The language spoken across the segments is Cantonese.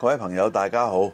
各位朋友，大家好！《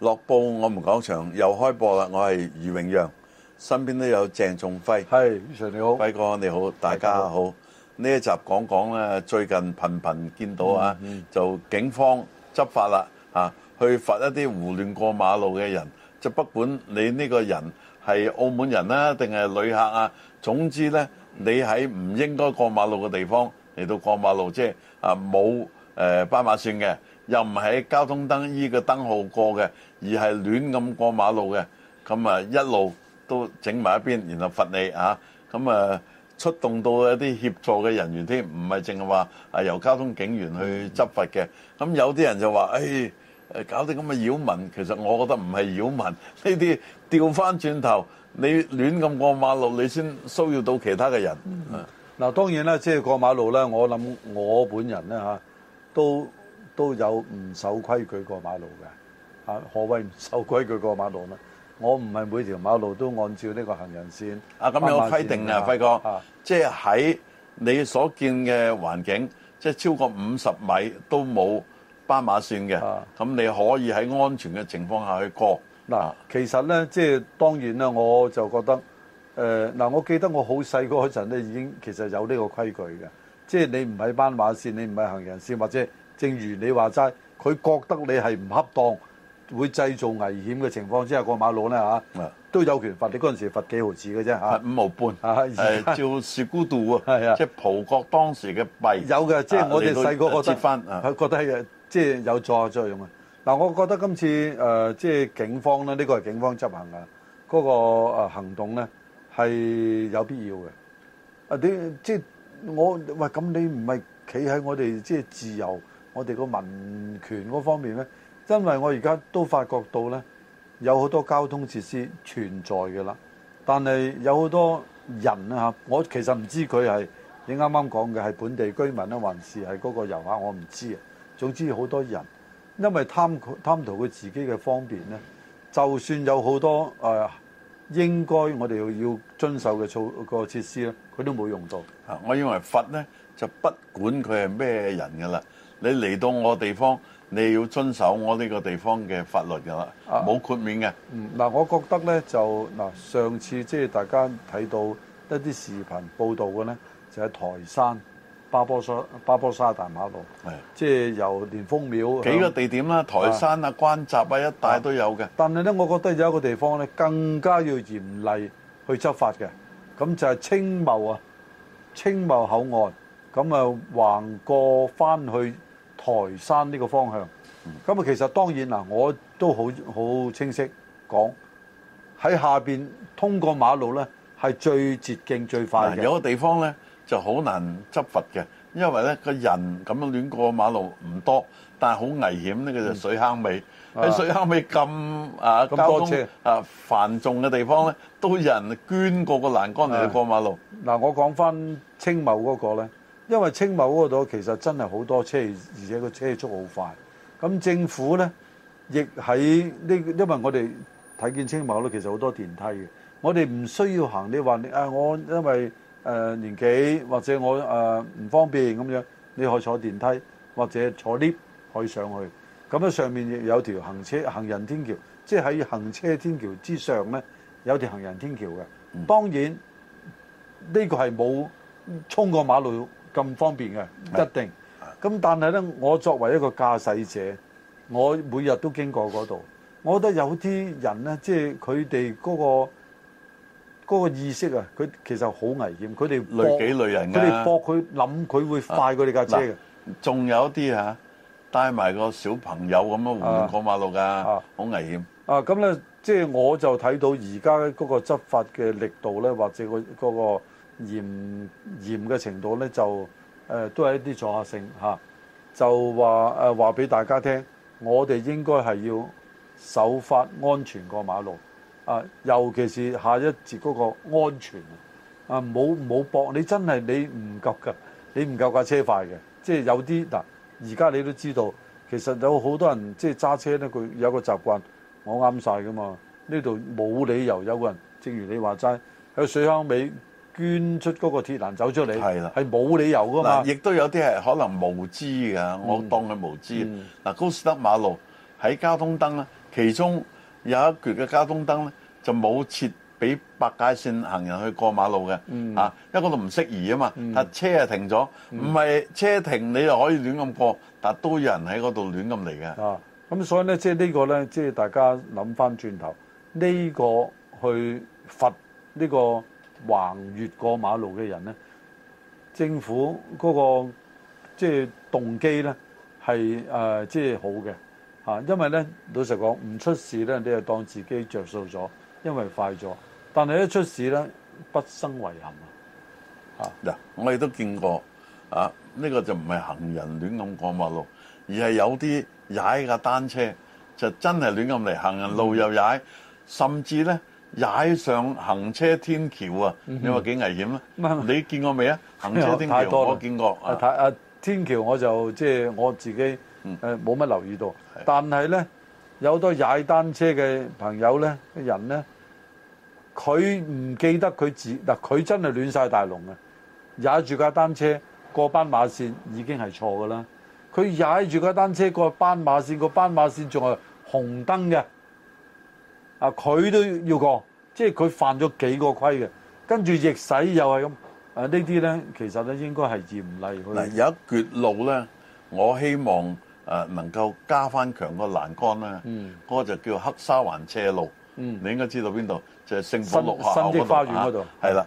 樂報我們講場又開播啦，我係余榮讓，身邊都有鄭仲輝。係余 Sir，你好，輝哥你好，大家好。呢一集講講咧，最近頻頻見到啊，嗯嗯、就警方執法啦、啊，去罰一啲胡亂過馬路嘅人，就不管你呢個人係澳門人啊定係旅客啊，總之咧，你喺唔應該過馬路嘅地方嚟到過馬路，即係啊冇誒斑馬線嘅。又唔係交通燈依個燈號過嘅，而係亂咁過馬路嘅，咁啊一路都整埋一邊，然後罰你啊，咁啊出動到一啲協助嘅人員添，唔係淨係話係由交通警員去執罰嘅。咁有啲人就話，誒、哎，搞啲咁嘅擾民，其實我覺得唔係擾民。呢啲調翻轉頭，你亂咁過馬路，你先騷擾到其他嘅人。嗱、啊嗯，當然啦，即、就、係、是、過馬路咧，我諗我本人咧嚇都。都有唔守規矩過馬路嘅啊？何謂唔守規矩過馬路呢？我唔係每條馬路都按照呢個行人線啊。咁有規定呀、啊，啊、輝哥，即係喺你所見嘅環境，即係超過五十米都冇斑馬線嘅，咁、啊、你可以喺安全嘅情況下去過嗱。啊啊、其實呢，即係當然咧，我就覺得嗱、呃，我記得我好細嗰陣咧，已經其實有呢個規矩嘅，即係你唔喺斑馬線，你唔喺行人線或者。正如你話齋，佢覺得你係唔恰當，會製造危險嘅情況之下過馬路咧嚇，都有權罰你。嗰陣時罰幾毫子嘅啫嚇，五毫半。誒照士孤度喎，即係葡國當時嘅幣。有嘅，即係我哋細個覺得，覺得係即係有助作用啊。嗱，我覺得今次誒即係警方咧，呢個係警方執行嘅嗰個誒行動咧係有必要嘅。啊，你即係我喂咁，你唔係企喺我哋即係自由。我哋個民權嗰方面呢，因為我而家都發覺到呢，有好多交通設施存在嘅啦。但係有好多人啊，我其實唔知佢係你啱啱講嘅係本地居民咧，還是係嗰個遊客，我唔知啊。總之好多人，因為貪貪圖佢自己嘅方便呢，就算有好多誒、呃、應該我哋要遵守嘅措個設施呢，佢都冇用到啊。我認為罰呢，就不管佢係咩人噶啦。你嚟到我地方，你要遵守我呢個地方嘅法律㗎啦，冇豁免嘅。嗱、啊嗯，我覺得呢，就嗱，上次即係大家睇到一啲視頻報導嘅呢，就係、是、台山巴波沙巴波沙大馬路，即係、哎、由蓮峰廟幾個地點啦、啊，台山啊、啊關閘啊一帶都有嘅、啊。但係呢，我覺得有一個地方呢，更加要嚴厲去執法嘅，咁就係青茂啊，青茂口岸，咁啊橫過翻去。台山呢個方向，咁啊，其實當然嗱，我都好好清晰講喺下邊通過馬路咧，係最捷徑最快嘅。有個地方咧，就好難執罰嘅，因為咧個人咁樣亂過馬路唔多，但係好危險咧。呢個就水坑尾，喺水坑尾咁啊交通啊繁重嘅地方咧，都有人捐過個欄杆嚟過馬路。嗱，我講翻青茂嗰個咧。因為青茂嗰度其實真係好多車，而且個車速好快。咁政府呢，亦喺呢，因為我哋睇見青茂咧，其實好多電梯嘅。我哋唔需要行，你話你、啊、我因為誒年紀，或者我誒唔、啊、方便咁樣，你可以坐電梯或者坐 lift 可以上去。咁咧上面亦有條行車行人天橋，即係喺行車天橋之上呢，有條行人天橋嘅。當然呢個係冇衝過馬路。咁方便嘅，是一定。咁但係咧，我作為一個駕駛者，我每日都經過嗰度，我覺得有啲人咧，即係佢哋嗰個嗰、嗰個意識啊，佢其實好危險。佢哋累己累人㗎、啊？佢哋搏佢諗，佢會快過你架車嘅。仲、啊、有啲啊，帶埋個小朋友咁樣橫過馬路㗎，好、啊啊、危險。啊，咁咧，即係我就睇到而家嗰個執法嘅力度咧，或者個、嗰、嗰個。嚴嚴嘅程度呢，就誒、呃、都係一啲阻嚇性，嚇、啊，就話誒話俾大家聽，我哋應該係要守法安全過馬路啊，尤其是下一節嗰個安全啊，冇冇搏你真係你唔及㗎，你唔夠架車快嘅，即係有啲嗱，而、啊、家你都知道，其實有好多人即係揸車呢，佢有個習慣，我啱晒㗎嘛，呢度冇理由有個人，正如你話齋喺水坑尾。捐出嗰個鐵欄走出嚟係啦，係冇的理由噶嘛。亦都有啲係可能無知嘅，嗯、我當佢無知。嗱、嗯，高士德馬路喺交通燈啦，其中有一橛嘅交通燈咧就冇設俾白界線行人去過馬路嘅。嗯，啊，因為嗰度唔適宜啊嘛。但、啊、車啊停咗，唔係、嗯、車停你就可以亂咁過，嗯、但都有人喺嗰度亂咁嚟嘅。啊，咁所以咧，即係呢個咧，即係大家諗翻轉頭，呢、呢個去罰呢、呢個。橫越過馬路嘅人咧，政府嗰、那個即係、就是、動機咧係誒即係好嘅嚇，因為咧老實講唔出事咧你就當自己着數咗，因為快咗。但係一出事咧，不生遺憾啊！嗱，我哋都見過啊，呢、這個就唔係行人亂咁過馬路，而係有啲踩架單車就真係亂咁嚟，行人路又踩，甚至咧，踩上行車天橋啊！你話幾危險啊？嗯、你見過未啊？嗯、行車天橋太多我見過。啊啊！天橋我就即係、就是、我自己誒冇乜留意到。是的但係咧有好多踩單車嘅朋友咧，人咧，佢唔記得佢自嗱，佢真係亂晒大龍啊。踩住架單車過斑馬線已經係錯㗎喇。佢踩住架單車過斑馬線，個斑馬線仲係紅燈嘅。啊！佢都要過，即係佢犯咗幾個規嘅，跟住逆洗又係咁。啊，呢啲咧其實咧應該係嚴厲。嗱，有一條路咧，我希望誒、呃、能夠加翻強個欄杆呢，嗯。嗰個就叫黑沙環斜路。嗯。你應該知道邊度？就係聖保羅學校嗰度。新新極花園嗰度。係啦。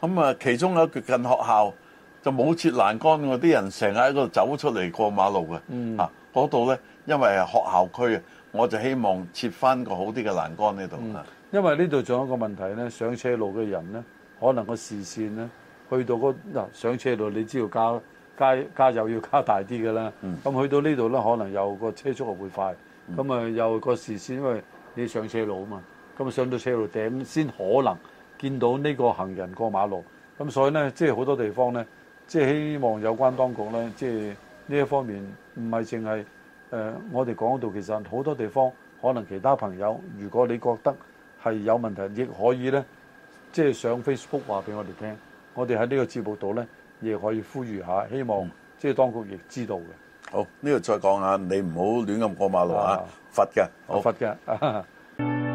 咁啊，裡其中有一條近學校就冇設欄杆，嗰啲人成日喺度走出嚟過馬路嘅。嗯。啊，嗰度咧，因為係學校區啊。我就希望設翻個好啲嘅欄杆呢度、嗯、因為呢度仲有一個問題呢，上斜路嘅人呢，可能個視線呢去到嗰嗱上斜路，你知道加加加油要加大啲嘅啦，咁、嗯、去到呢度呢，可能有個車速會快，咁啊、嗯、有個視線，因為你上斜路啊嘛，咁上到斜路頂先可能見到呢個行人過、那個、馬路，咁所以呢，即係好多地方呢，即係希望有關當局呢，即係呢一方面唔係淨係。誒，uh, 我哋講到其實好多地方，可能其他朋友，如果你覺得係有問題，亦可以呢，即係上 Facebook 話俾我哋聽。我哋喺呢個紙目度呢，亦可以呼籲下，希望即係當局亦知道嘅、uh huh.。好，呢度再講下，你唔好亂咁過馬路啊，罰㗎，好罰㗎。